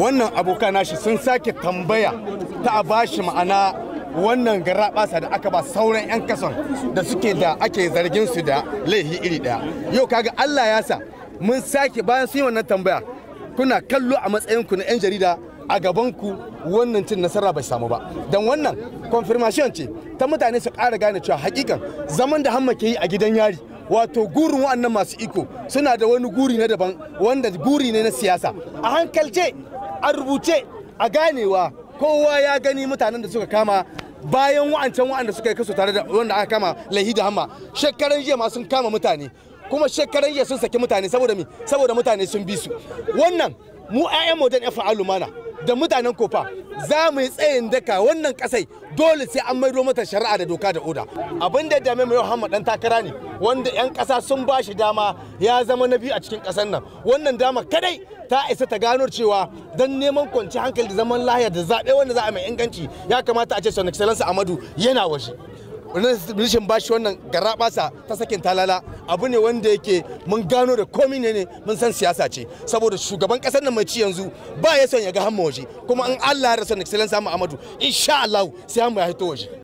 wannan abokan nashi sun sake tambaya ta a bashi ma'ana wannan garaɓasa da aka ba sauran 'yan kason da suke da ake zargin su da laifi iri daya yau kaga allah ya sa mun sake bayan sun yi wannan tambaya kuna kallo a matsayinku na 'yan jarida a gabanku wannan cin nasara bai samu ba don wannan confirmation ce ta mutane su ƙara gane cewa hakikan zaman da hamma ke yi a gidan yari wato gurin wa'annan masu iko suna da wani guri na daban wanda guri ne na siyasa a hankalce a rubuce a ganewa kowa ya gani mutanen da suka kama bayan wa'ancan wa'anda suka yi kaso tare da wanda aka kama lahi da hamma shekaran jiya ma sun kama mutane kuma shekaran jiya sun saki mutane saboda mi saboda mutane sun bi su wannan mu 'ya'yan modern ya fa'alu mana da mutanen kofa za mu yi tsayin daka wannan kasai dole sai an mai mata shari'a da doka da oda abin da dame mai Muhammad dan takara ne wanda yan kasa sun ba shi dama ya zama na biyu a cikin kasar nan wannan dama kadai ta isa ta gano cewa dan neman kwanci hankali da zaman lahiya da zaɓe wanda za a mai inganci ya kamata a ce son excellence Amadu yana waje rashin bashi wannan garabasa ta sakin talala abu ne wanda yake mun gano da komi ne ne mun san siyasa ce saboda shugaban kasar nan mai ci yanzu ba ya son ya ga hamma waje kuma in Allah ya rasa excellence Muhammadu insha Allah sai hamma ya hito waje